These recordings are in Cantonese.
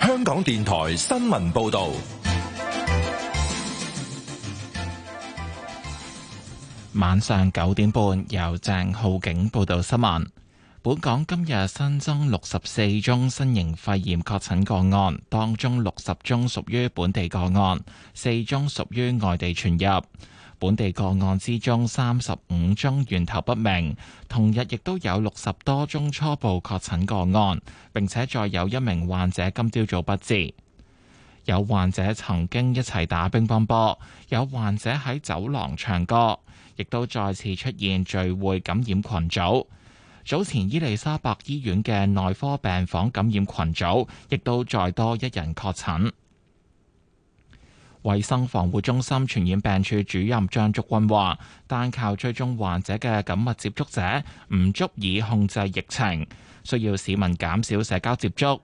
香港電台新聞報道，晚上九點半，由鄭浩景報道新聞。本港今日新增六十四宗新型肺炎確診個案，當中六十宗屬於本地個案，四宗屬於外地傳入。本地個案之中，三十五宗源頭不明。同日亦都有六十多宗初步確診個案，並且再有一名患者今朝早不治。有患者曾經一齊打乒乓波，有患者喺走廊唱歌，亦都再次出現聚會感染群組。早前伊麗莎白醫院嘅內科病房感染群組，亦都再多一人確診。衛生防護中心傳染病處主任張竹君話，單靠追蹤患者嘅緊密接觸者，唔足以控制疫情，需要市民減少社交接觸。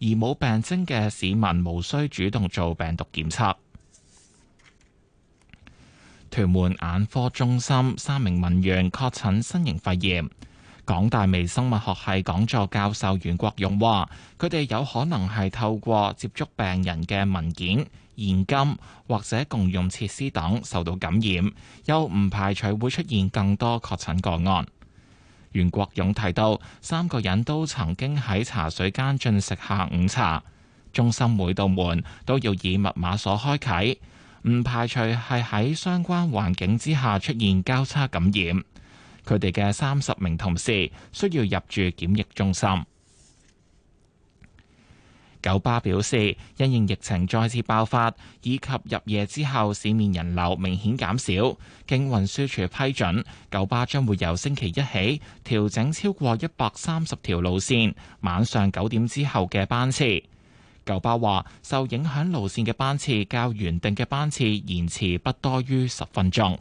而冇病徵嘅市民無需主動做病毒檢測。屯門眼科中心三名文員確診新型肺炎。港大微生物學系講座教授袁國勇話，佢哋有可能係透過接觸病人嘅文件，現金或者共用設施等受到感染，又唔排除會出現更多確診個案。袁國勇提到，三個人都曾經喺茶水間進食下午茶，中心每道門都要以密碼鎖開啟，唔排除係喺相關環境之下出現交叉感染。佢哋嘅三十名同事需要入住檢疫中心。九巴表示，因應疫情再次爆發，以及入夜之後市面人流明顯減少，經運輸署批准，九巴將會由星期一起調整超過一百三十條路線晚上九點之後嘅班次。九巴話，受影響路線嘅班次較原定嘅班次延遲不多於十分鐘。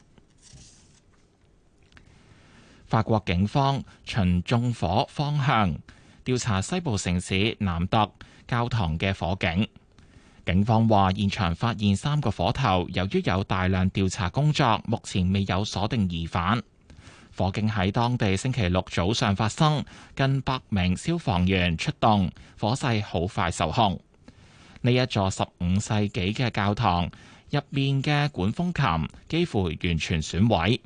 法國警方循縱火方向調查西部城市南特教堂嘅火警，警方話現場發現三個火頭，由於有大量調查工作，目前未有鎖定疑犯。火警喺當地星期六早上發生，近百名消防員出動，火勢好快受控。呢一座十五世紀嘅教堂入面嘅管風琴幾乎完全損毀。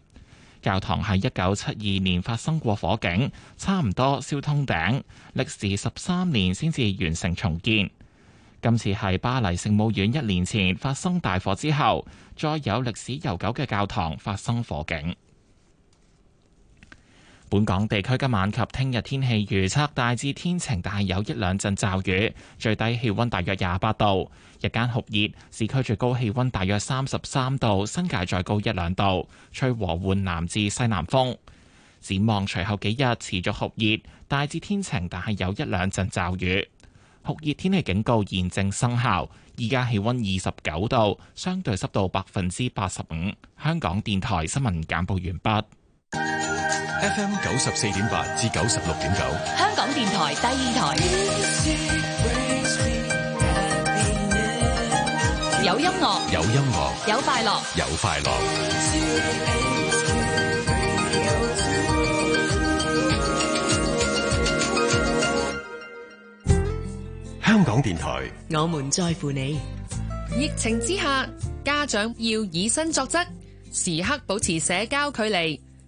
教堂喺一九七二年發生過火警，差唔多燒通頂，歷時十三年先至完成重建。今次係巴黎聖母院一年前發生大火之後，再有歷史悠久嘅教堂發生火警。本港地區今晚及聽日天氣預測大致天晴，但係有一兩陣驟雨，最低氣溫大約廿八度，日間酷熱，市區最高氣溫大約三十三度，新界再高一兩度，吹和緩南至西南風。展望隨後幾日持續酷熱，大致天晴，但係有一兩陣驟雨。酷熱天氣警告現正生效，依家氣溫二十九度，相對濕度百分之八十五。香港電台新聞簡報完畢。FM 九十四點八至九十六點九，香港電台第二台，有音樂，有音樂，有快樂，有快樂。香港電台，我哋在乎你。疫情之下，家長要以身作則，時刻保持社交距離。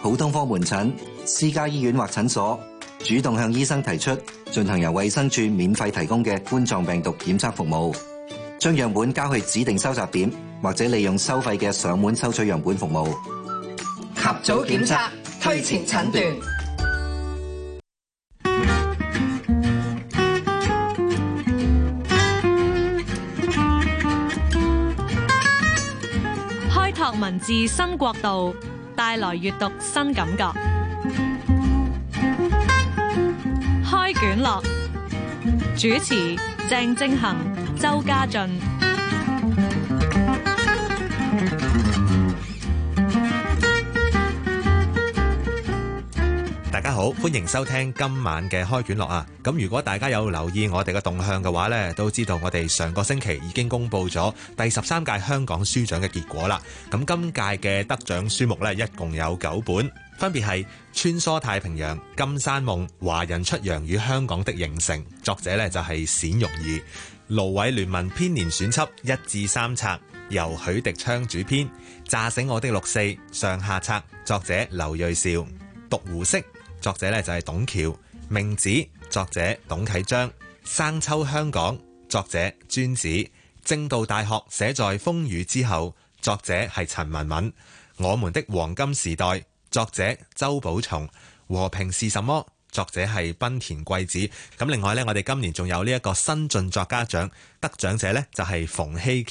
普通科門診、私家醫院或診所，主動向醫生提出進行由衛生署免費提供嘅冠狀病毒檢測服務，將樣本交去指定收集點，或者利用收費嘅上門收取樣本服務，及早檢測，推前診斷。開拓文字新國度，帶來閱讀新感覺，開卷樂。主持鄭政恆、周家俊。好，歡迎收聽今晚嘅開卷樂啊！咁如果大家有留意我哋嘅動向嘅話呢，都知道我哋上個星期已經公布咗第十三屆香港書獎嘅結果啦。咁今屆嘅得獎書目呢，一共有九本，分別係《穿梭太平洋》《金山夢》《華人出洋與香港的形成》，作者呢，就係冼玉儀；《盧瑋鑾文編年選輯》一至三冊，由許迪鏘主編；《炸醒我的六四》上下冊，作者劉銳紹；《讀胡適》。作者咧就係董橋、命子；作者董啟章、生秋香港；作者尊子、正道大學；寫在風雨之後；作者係陳文敏；我們的黃金時代；作者周保松；和平是什麼？作者係濱田貴子。咁另外咧，我哋今年仲有呢一個新晉作家獎，得獎者咧就係馮希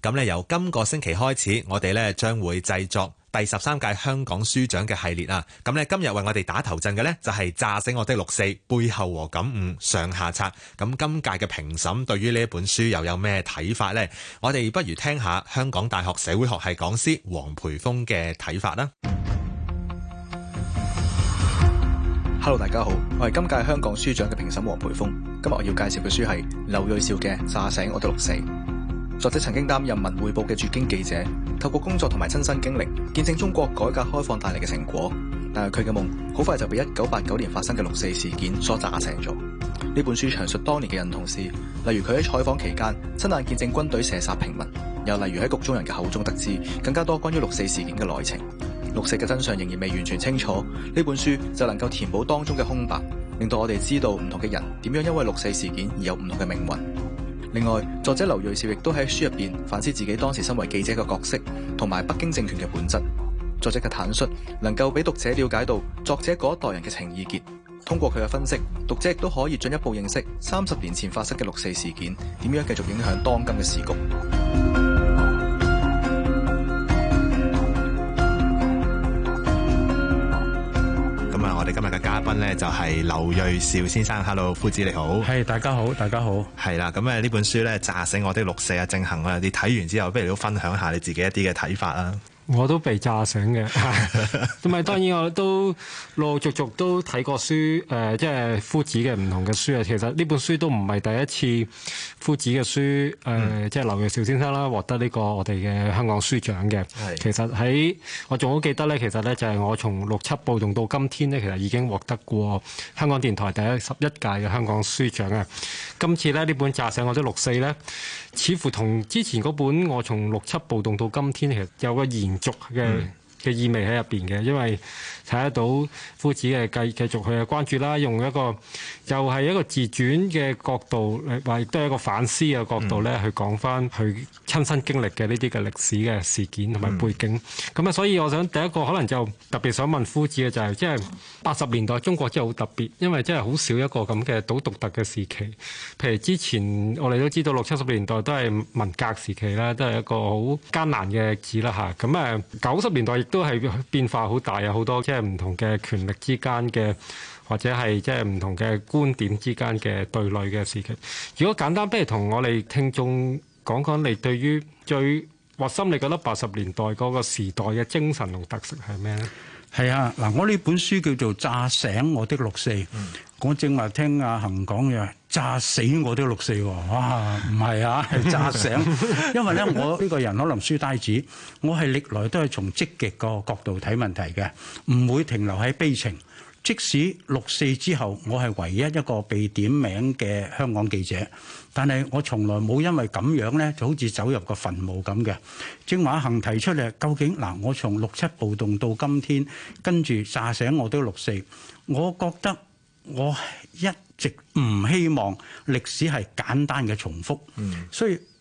乾。咁咧由今個星期開始，我哋咧將會製作。第十三屆香港書獎嘅系列啊，咁咧今日為我哋打頭陣嘅呢，就係、是《炸醒我的六四》背後和感悟上下冊。咁今屆嘅評審對於呢一本書又有咩睇法呢？我哋不如聽下香港大學社會學系講師黃培峰嘅睇法啦。Hello，大家好，我係今屆香港書獎嘅評審黃培峰。今日我要介紹嘅書係劉銳紹嘅《炸醒我的六四》。作者曾經擔任《文匯報》嘅駐京記者，透過工作同埋親身經歷，見證中國改革開放帶嚟嘅成果。但係佢嘅夢好快就被一九八九年發生嘅六四事件所炸醒咗。呢本書詳述當年嘅人同事，例如佢喺採訪期間親眼見證軍隊射殺平民，又例如喺局中人嘅口中得知更加多關於六四事件嘅內情。六四嘅真相仍然未完全清楚，呢本書就能夠填補當中嘅空白，令到我哋知道唔同嘅人點樣因為六四事件而有唔同嘅命運。另外，作者劉銳紹亦都喺書入邊反思自己當時身為記者嘅角色，同埋北京政權嘅本質。作者嘅坦率能夠俾讀者了解到作者嗰一代人嘅情意結。通過佢嘅分析，讀者亦都可以進一步認識三十年前發生嘅六四事件點樣繼續影響當今嘅時局。呢就係劉銳紹先生，Hello，夫子你好，係、hey, 大家好，大家好，係啦，咁誒呢本書呢，炸醒我的六四啊，正行啊，你睇完之後，不如都分享下你自己一啲嘅睇法啦。我都被炸醒嘅，同埋 當然我路路路都陸陸續續都睇過書，誒即係夫子嘅唔同嘅書啊。其實呢本書都唔係第一次夫子嘅書，誒即係劉銳紹先生啦獲得呢個我哋嘅香港書獎嘅的。其實喺我仲好記得咧，其實咧就係我從六七暴動到今天咧，其實已經獲得過香港電台第一十一屆嘅香港書獎嘅。今次咧呢本炸醒我都六四咧。似乎同之前嗰本我從六七暴動到今天，其實有個延續嘅嘅、嗯、意味喺入邊嘅，因為。睇得到夫子嘅繼繼續去關注啦，用一個又係、就是、一個自傳嘅角度，或都係一個反思嘅角度咧，嗯、去講翻佢親身經歷嘅呢啲嘅歷史嘅事件同埋背景。咁啊、嗯，所以我想第一個可能就特別想問夫子嘅就係即係八十年代中國真係好特別，因為真係好少一個咁嘅好獨特嘅時期。譬如之前我哋都知道六七十年代都係文革時期啦，都係一個好艱難嘅日子啦吓，咁啊，九十年代亦都係變化好大啊，好多即、就是唔同嘅權力之間嘅，或者係即係唔同嘅觀點之間嘅對壘嘅事情。如果簡單，不如同我哋聽眾講講你對於最核心，你覺得八十年代嗰個時代嘅精神同特色係咩呢？係啊，嗱，我呢本書叫做《炸醒我的六四》，嗯、我正話聽阿恒講嘢，炸死我的六四，哇，唔係啊，係炸醒， 因為咧，我呢個人可能書呆子，我係歷來都係從積極個角度睇問題嘅，唔會停留喺悲情。即使六四之後，我係唯一一個被點名嘅香港記者，但係我從來冇因為咁樣呢就好似走入個墳墓咁嘅。正話行提出嚟，究竟嗱，我從六七暴動到今天，跟住炸醒我都六四，我覺得我一直唔希望歷史係簡單嘅重複，嗯、所以。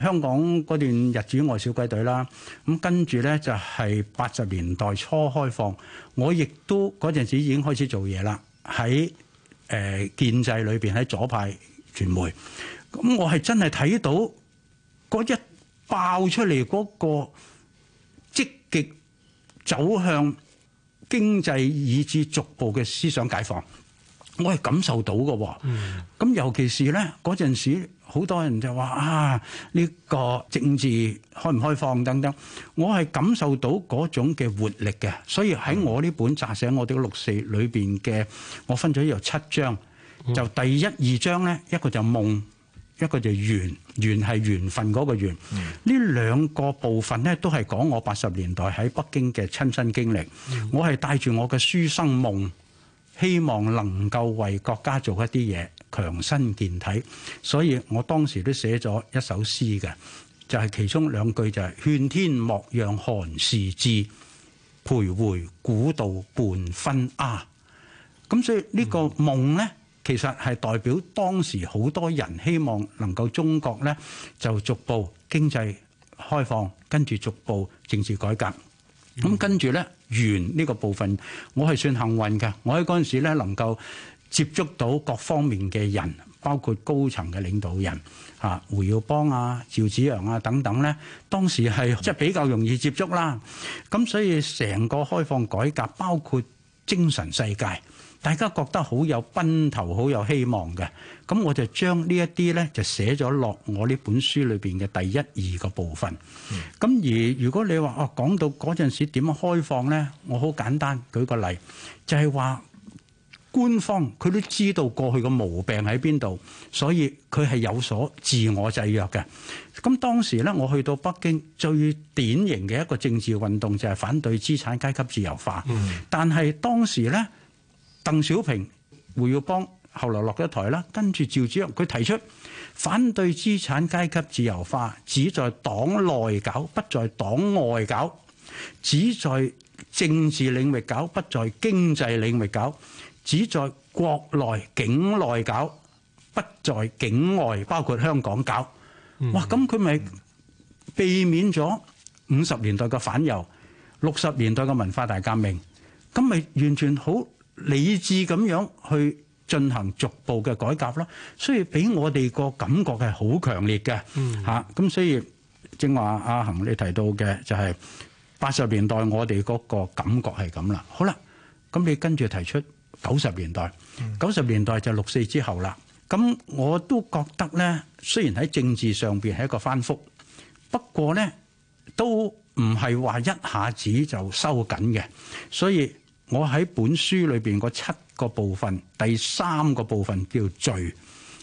香港嗰段日子，我小鬼隊啦，咁跟住咧就係八十年代初開放，我亦都嗰陣時已經開始做嘢啦，喺誒建制裏邊，喺左派傳媒，咁我係真係睇到嗰一爆出嚟嗰個積極走向經濟以至逐步嘅思想解放，我係感受到嘅喎。咁尤其是咧嗰陣時。好多人就話啊，呢、這個政治開唔開放等等，我係感受到嗰種嘅活力嘅，所以喺我呢本炸醒我哋嘅六四裏邊嘅，我分咗有七章，就第一二章咧，一個就夢，一個就緣，緣係緣分嗰個緣。呢、嗯、兩個部分咧，都係講我八十年代喺北京嘅親身經歷。我係帶住我嘅書生夢，希望能夠為國家做一啲嘢，強身健體，所以我當時都寫咗一首詩嘅，就係、是、其中兩句就係、是、勸天莫讓寒時至，徘徊古道半分啊，咁所以呢個夢呢，其實係代表當時好多人希望能夠中國呢就逐步經濟開放，跟住逐步政治改革。咁跟住呢，「圓呢個部分，我係算幸運嘅，我喺嗰陣時呢能夠接觸到各方面嘅人，包括高層嘅領導人，嚇胡耀邦啊、趙紫陽啊等等呢，當時係即係比較容易接觸啦。咁所以成個開放改革，包括精神世界，大家覺得好有奔頭，好有希望嘅。咁我就將呢一啲呢，就寫咗落我呢本書裏邊嘅第一二個部分。咁、嗯、而如果你話哦講到嗰陣時點樣開放呢？我好簡單，舉個例就係、是、話。官方佢都知道過去個毛病喺邊度，所以佢係有所自我制約嘅。咁當時咧，我去到北京最典型嘅一個政治運動就係反對資產階級自由化。但係當時咧，鄧小平胡耀邦後來落咗台啦，跟住趙紫陽佢提出反對資產階級自由化，只在黨內搞，不在黨外搞；只在政治領域搞，不在經濟領域搞。只在國內境內搞，不在境外，包括香港搞。哇！咁佢咪避免咗五十年代嘅反右，六十年代嘅文化大革命。咁咪完全好理智咁樣去進行逐步嘅改革咯。所以俾我哋個感覺係好強烈嘅嚇。咁所以正話阿恆你提到嘅就係八十年代我哋嗰個感覺係咁啦。好啦，咁你跟住提出。九十年代，九十、嗯、年代就六四之後啦。咁我都覺得呢，雖然喺政治上邊係一個翻覆，不過呢都唔係話一下子就收緊嘅。所以，我喺本書裏邊嗰七個部分，第三個部分叫罪，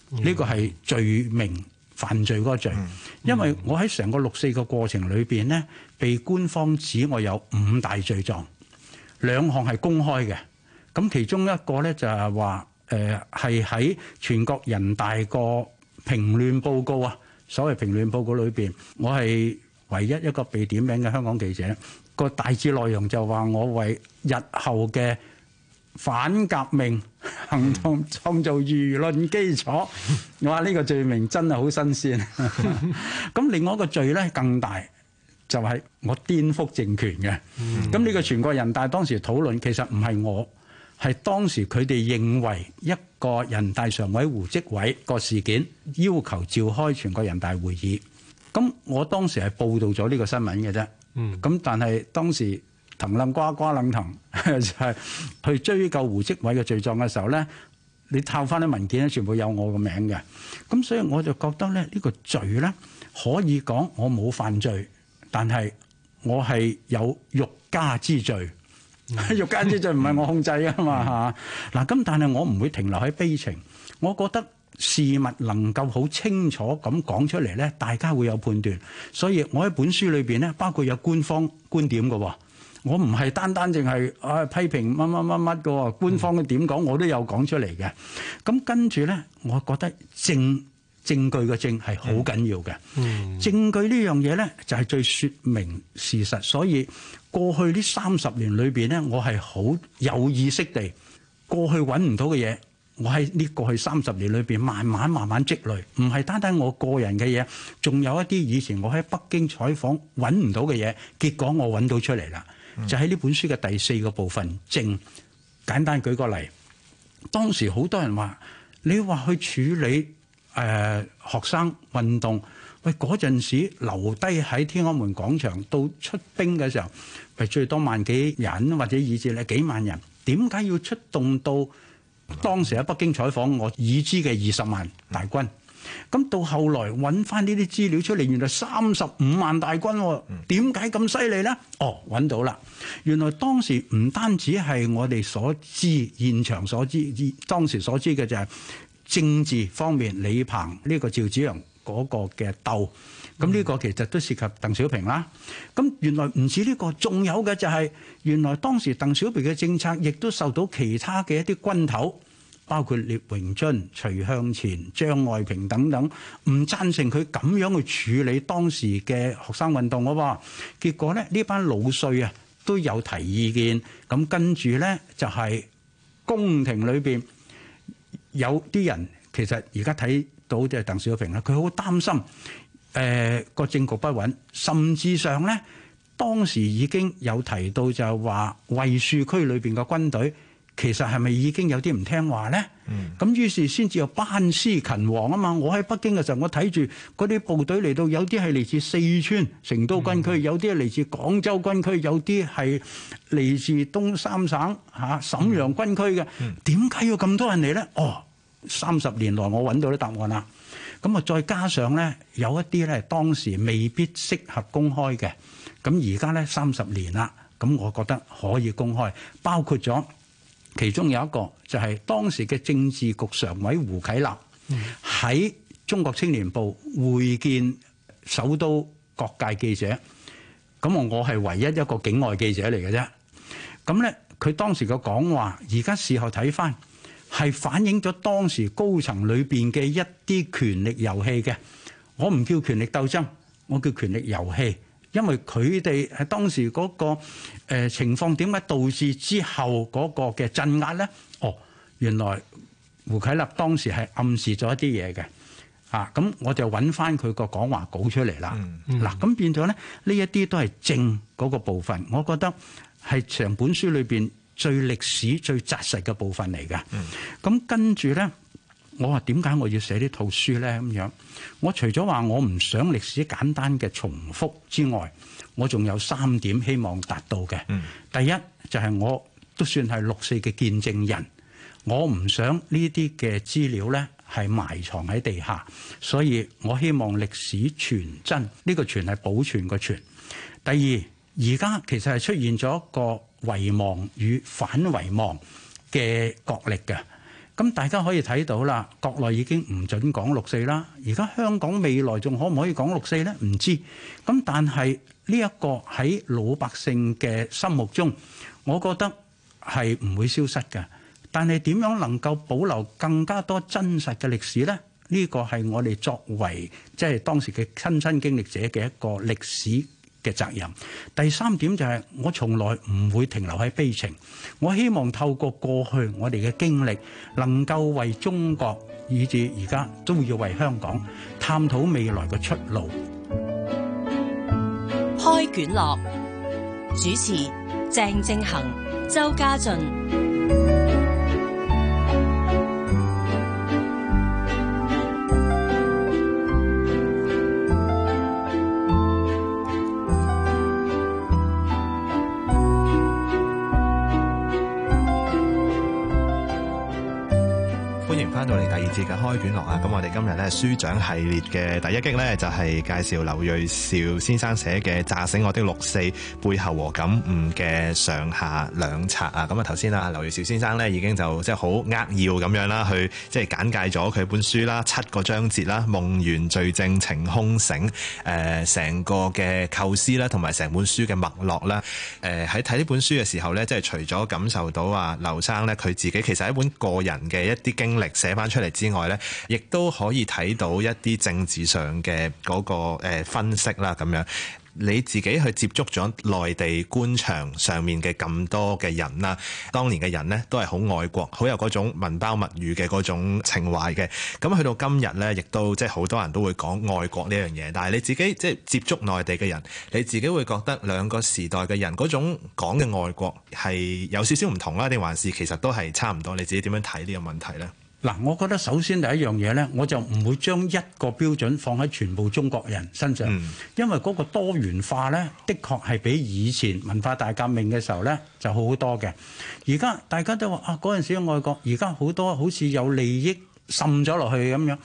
呢個係罪名、犯罪嗰個罪。嗯嗯、因為我喺成個六四個過程裏邊呢，被官方指我有五大罪狀，兩項係公開嘅。咁其中一個咧就係話，誒係喺全國人大個評論報告啊，所謂評論報告裏邊，我係唯一一個被點名嘅香港記者。個大致內容就話我為日後嘅反革命行動創造輿論基礎。我話呢個罪名真係好新鮮。咁另外一個罪咧更大，就係我顛覆政權嘅。咁呢個全國人大當時討論，其實唔係我。係當時佢哋認為一個人大常委胡績偉個事件，要求召開全國人大常委會議。咁我當時係報道咗呢個新聞嘅啫。嗯。咁但係當時藤冧瓜瓜冧藤，就 係去追究胡績偉嘅罪狀嘅時候咧，你睇翻啲文件咧，全部有我個名嘅。咁所以我就覺得咧，呢個罪咧可以講我冇犯罪，但係我係有欲加之罪。肉 間之就唔係我控制啊嘛嚇，嗱咁、 嗯、但係我唔會停留喺悲情，我覺得事物能夠好清楚咁講出嚟咧，大家會有判斷。所以我喺本書裏邊咧，包括有官方觀點嘅喎，我唔係單單淨係啊批評乜乜乜乜嘅喎，官方嘅點講我都有講出嚟嘅。咁、嗯、跟住咧，我覺得正。證據嘅證係好緊要嘅，嗯、證據呢樣嘢呢，就係、是、最說明事實，所以過去呢三十年裏邊呢，我係好有意識地過去揾唔到嘅嘢，我喺呢過去三十年裏邊慢慢慢慢積累，唔係單單我個人嘅嘢，仲有一啲以前我喺北京採訪揾唔到嘅嘢，結果我揾到出嚟啦。嗯、就喺呢本書嘅第四個部分證。簡單舉個例，當時好多人話你話去處理。誒、呃、學生運動，喂嗰陣時留低喺天安門廣場，到出兵嘅時候，咪最多萬幾人，或者以至咧幾萬人。點解要出動到當時喺北京採訪我已知嘅二十萬大軍？咁到後來揾返呢啲資料出嚟，原來三十五萬大軍、啊，點解咁犀利咧？哦，揾到啦！原來當時唔單止係我哋所知現場所知，當時所知嘅就係、是。政治方面，李鵬呢個、趙紫陽嗰個嘅鬥，咁呢個其實都涉及鄧小平啦。咁原來唔止呢個，仲有嘅就係原來當時鄧小平嘅政策，亦都受到其他嘅一啲軍頭，包括聶榮臻、徐向前、張愛萍等等，唔贊成佢咁樣去處理當時嘅學生運動啊！哇，結果咧呢班老帥啊，都有提意見，咁跟住咧就係宮廷裏邊。有啲人其實而家睇到就係鄧小平啦，佢好擔心誒個、呃、政局不穩，甚至上咧當時已經有提到就係話衞戍區裏邊嘅軍隊，其實係咪已經有啲唔聽話咧？咁、嗯、於是先至有班師勤王啊嘛。我喺北京嘅時候，我睇住嗰啲部隊嚟到，有啲係嚟自四川成都軍區，嗯、有啲係嚟自廣州軍區，有啲係嚟自東三省嚇、啊、瀋陽軍區嘅。點解、嗯、要咁多人嚟咧？哦，三十年來我揾到啲答案啦。咁啊，再加上咧有一啲咧當時未必適合公開嘅，咁而家咧三十年啦，咁我覺得可以公開，包括咗。其中有一個就係當時嘅政治局常委胡啟立喺《中國青年報》會見首都各界記者，咁我我係唯一一個境外記者嚟嘅啫。咁咧，佢當時嘅講話，而家事後睇翻，係反映咗當時高層裏邊嘅一啲權力遊戲嘅。我唔叫權力鬥爭，我叫權力遊戲。因為佢哋喺當時嗰、嗰個、呃、情況點解導致之後嗰個嘅鎮壓咧？哦，原來胡啟立當時係暗示咗一啲嘢嘅啊。咁我就揾翻佢個講話稿出嚟啦。嗱、嗯，咁、嗯啊、變咗咧，呢一啲都係正嗰個部分，我覺得係成本書裏邊最歷史最扎實嘅部分嚟嘅。咁、嗯啊、跟住咧，我話點解我要寫呢套書呢？咁樣，我除咗話我唔想歷史簡單嘅重複之外，我仲有三點希望達到嘅。嗯、第一就係、是、我都算係六四嘅見證人，我唔想呢啲嘅資料呢係埋藏喺地下，所以我希望歷史全真。呢、呢個全係保存個全。第二，而家其實係出現咗個遺忘與反遺忘嘅角力嘅。咁大家可以睇到啦，國內已經唔準講六四啦。而家香港未來仲可唔可以講六四呢？唔知。咁但係呢一個喺老百姓嘅心目中，我覺得係唔會消失嘅。但係點樣能夠保留更加多真實嘅歷史呢？呢個係我哋作為即係、就是、當時嘅親身經歷者嘅一個歷史。嘅責任。第三點就係、是、我從來唔會停留喺悲情，我希望透過過去我哋嘅經歷，能夠為中國以至而家都要為香港探討未來嘅出路。開卷樂，主持鄭正恒、周家俊。到嚟第二節嘅開卷樂啊，咁我哋今日咧書獎系列嘅第一擊呢，就係、是、介紹劉銳紹先生寫嘅《炸醒我的六四》背後和感悟嘅上下兩冊啊。咁啊，頭先啊，劉銳紹先生呢已經就即係好扼要咁樣啦，去即係簡介咗佢本書啦，七個章節啦，夢圓罪證情空醒，誒、呃，成個嘅構思啦，同埋成本書嘅脈絡啦。誒、呃，喺睇呢本書嘅時候呢，即係除咗感受到啊，劉生呢，佢自己其實係一本個人嘅一啲經歷寫翻出嚟之外呢，亦都可以睇到一啲政治上嘅嗰個誒分析啦。咁樣你自己去接觸咗內地官場上面嘅咁多嘅人啦，當年嘅人呢都係好愛國，好有嗰種文包物語嘅嗰種情懷嘅。咁去到今日呢，亦都即係好多人都會講愛國呢樣嘢。但係你自己即係接觸內地嘅人，你自己會覺得兩個時代嘅人嗰種講嘅愛國係有少少唔同啦，定還是其實都係差唔多？你自己點樣睇呢個問題呢？嗱，我覺得首先第一樣嘢咧，我就唔會將一個標準放喺全部中國人身上，因為嗰個多元化咧，的確係比以前文化大革命嘅時候咧就好多嘅。而家大家都話啊，嗰陣時外國，而家好多好似有利益滲咗落去咁樣，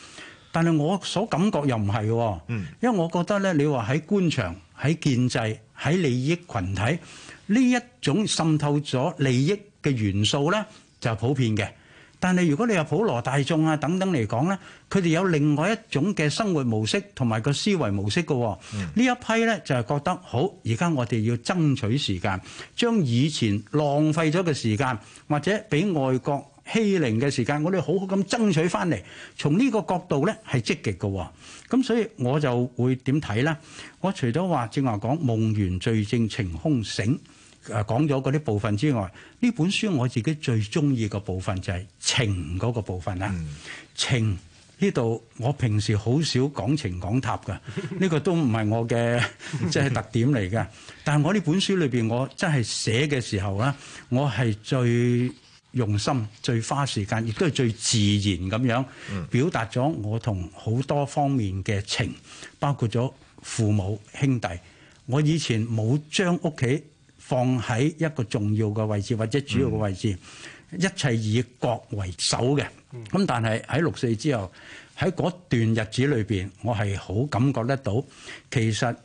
但係我所感覺又唔係嘅，因為我覺得咧，你話喺官場、喺建制、喺利益羣體呢一種滲透咗利益嘅元素咧，就係普遍嘅。但係如果你話普羅大眾啊等等嚟講呢，佢哋有另外一種嘅生活模式同埋個思維模式嘅喎，呢、嗯、一批呢就係覺得好，而家我哋要爭取時間，將以前浪費咗嘅時間或者俾外國欺凌嘅時間，我哋好好咁爭取翻嚟，從呢個角度呢係積極嘅，咁所以我就會點睇呢？我除咗話正話講夢圓罪證，晴空醒。誒，講咗嗰啲部分之外，呢本書我自己最中意嘅部分就係情嗰個部分啦。嗯、情呢度我平時好少講情講塔㗎，呢 個都唔係我嘅即係特點嚟嘅。但係我呢本書裏邊，我真係寫嘅時候啦，我係最用心、最花時間，亦都係最自然咁樣表達咗我同好多方面嘅情，包括咗父母、兄弟。我以前冇將屋企。放喺一個重要嘅位置或者主要嘅位置，嗯、一切以國為首嘅。咁、嗯、但係喺六四之後，喺嗰段日子裏邊，我係好感覺得到，其實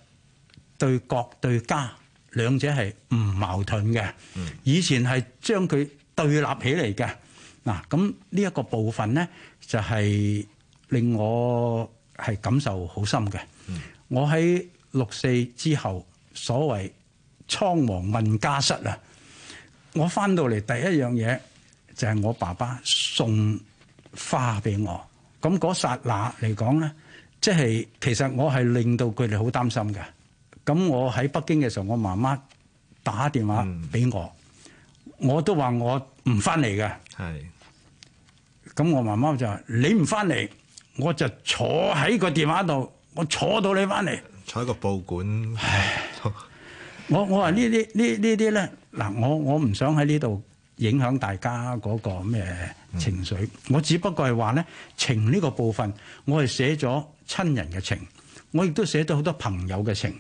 對國對家兩者係唔矛盾嘅。嗯、以前係將佢對立起嚟嘅。嗱、啊，咁呢一個部分咧，就係、是、令我係感受好深嘅。嗯、我喺六四之後，所謂倉皇問家室啊！我翻到嚟第一樣嘢就係、是、我爸爸送花俾我。咁嗰剎那嚟講咧，即係其實我係令到佢哋好擔心嘅。咁我喺北京嘅時候，我媽媽打電話俾我，嗯、我都話我唔翻嚟嘅。係是。咁我媽媽就話：你唔翻嚟，我就坐喺個電話度，我坐到你翻嚟。坐喺個報館。唉 我我話呢啲呢呢啲咧，嗱，我我唔想喺呢度影響大家嗰個咩情緒。嗯、我只不過係話咧，情呢個部分，我係寫咗親人嘅情，我亦都寫咗好多朋友嘅情。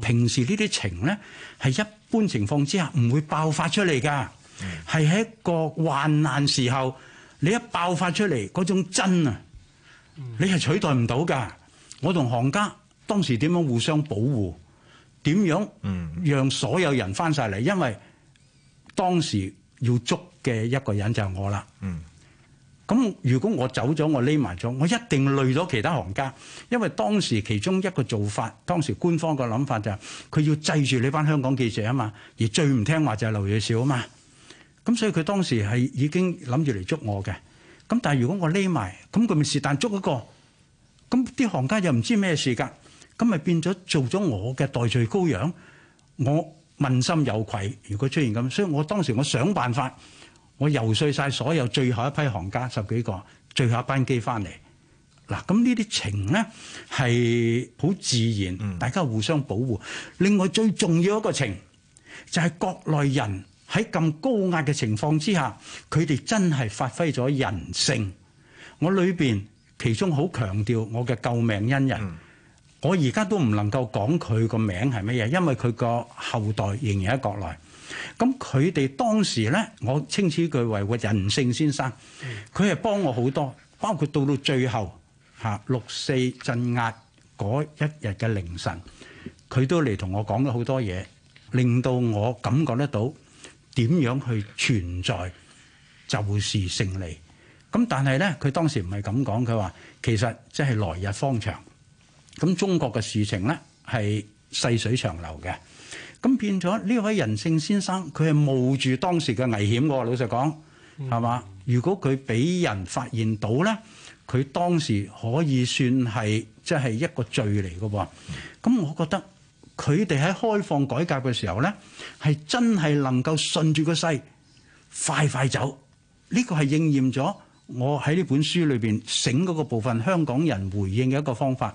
平時呢啲情咧，係一般情況之下唔會爆發出嚟噶，係喺、嗯、一個患難時候，你一爆發出嚟嗰種真啊，你係取代唔到噶。我同行家當時點樣互相保護？點樣讓所有人翻晒嚟？因為當時要捉嘅一個人就係我啦。咁、嗯、如果我走咗，我匿埋咗，我一定累咗其他行家。因為當時其中一個做法，當時官方個諗法就係、是、佢要制住你班香港記者啊嘛。而最唔聽話就係劉銳紹啊嘛。咁所以佢當時係已經諗住嚟捉我嘅。咁但係如果我匿埋，咁佢咪是但捉一個？咁啲行家又唔知咩事㗎。咁咪變咗做咗我嘅代罪羔羊，我問心有愧。如果出現咁，所以我當時我想辦法，我游說晒所有最後一批行家十幾個，最後一班機翻嚟。嗱，咁呢啲情咧係好自然，大家互相保護。另外最重要一個情就係國內人喺咁高壓嘅情況之下，佢哋真係發揮咗人性。我裏邊其中好強調我嘅救命恩人。我而家都唔能夠講佢個名係乜嘢，因為佢個後代仍然喺國內。咁佢哋當時咧，我稱此佢為人性先生，佢係幫我好多，包括到到最後嚇六四鎮壓嗰一日嘅凌晨，佢都嚟同我講咗好多嘢，令到我感覺得到點樣去存在就是勝利。咁但係咧，佢當時唔係咁講，佢話其實即係來日方長。咁中國嘅事情咧，係細水長流嘅，咁變咗呢位仁聖先生，佢係冒住當時嘅危險喎。老實講，係嘛？如果佢俾人發現到咧，佢當時可以算係即係一個罪嚟嘅噃。咁我覺得佢哋喺開放改革嘅時候咧，係真係能夠順住個勢快快走。呢個係應驗咗我喺呢本書裏邊醒嗰個部分香港人回應嘅一個方法。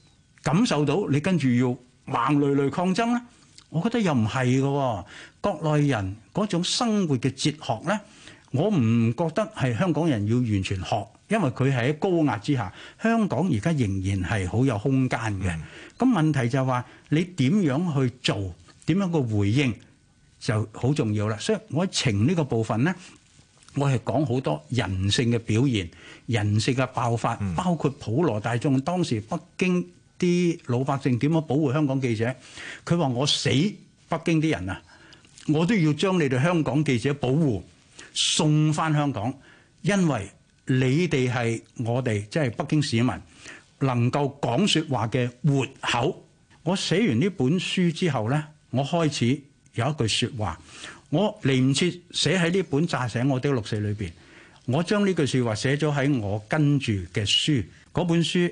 感受到你跟住要盲累累抗爭咧，我覺得又唔係嘅喎。國內人嗰種生活嘅哲學咧，我唔覺得係香港人要完全學，因為佢係喺高壓之下。香港而家仍然係好有空間嘅。咁、嗯、問題就係話你點樣去做，點樣個回應就好重要啦。所以我情呢個部分咧，我係講好多人性嘅表現，人性嘅爆發，嗯、包括普羅大眾當時北京。啲老百姓點樣保護香港記者？佢話我死北京啲人啊，我都要將你哋香港記者保護送翻香港，因為你哋係我哋即係北京市民能夠講說話嘅活口。我寫完呢本書之後咧，我開始有一句說話，我嚟唔切寫喺呢本炸醒我的六四裏邊，我將呢句說話寫咗喺我跟住嘅書嗰本書。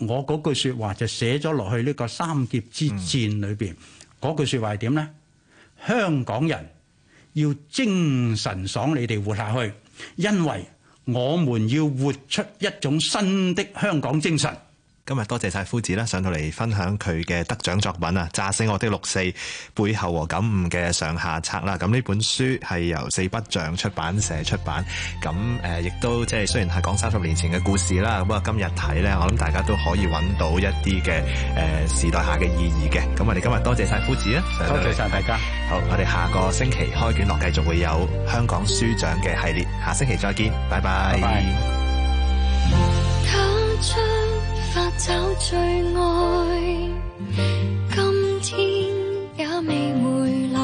我嗰句説話就寫咗落去呢個三劫之戰裏邊，嗰句説話係點呢？香港人要精神爽，你哋活下去，因為我們要活出一種新的香港精神。今日多謝晒夫子啦，上到嚟分享佢嘅得獎作品啊，《炸醒我的六四背後和感悟》嘅上下冊啦。咁呢本書係由四筆像出版社出版，咁誒亦都即係雖然係講三十年前嘅故事啦，咁啊今日睇呢，我諗大家都可以揾到一啲嘅誒時代下嘅意義嘅。咁我哋今日多謝晒夫子啦，多謝晒大家。好，我哋下個星期開卷樂繼續會有香港書獎嘅系列，下星期再見，拜拜。找最愛，今天也未回來。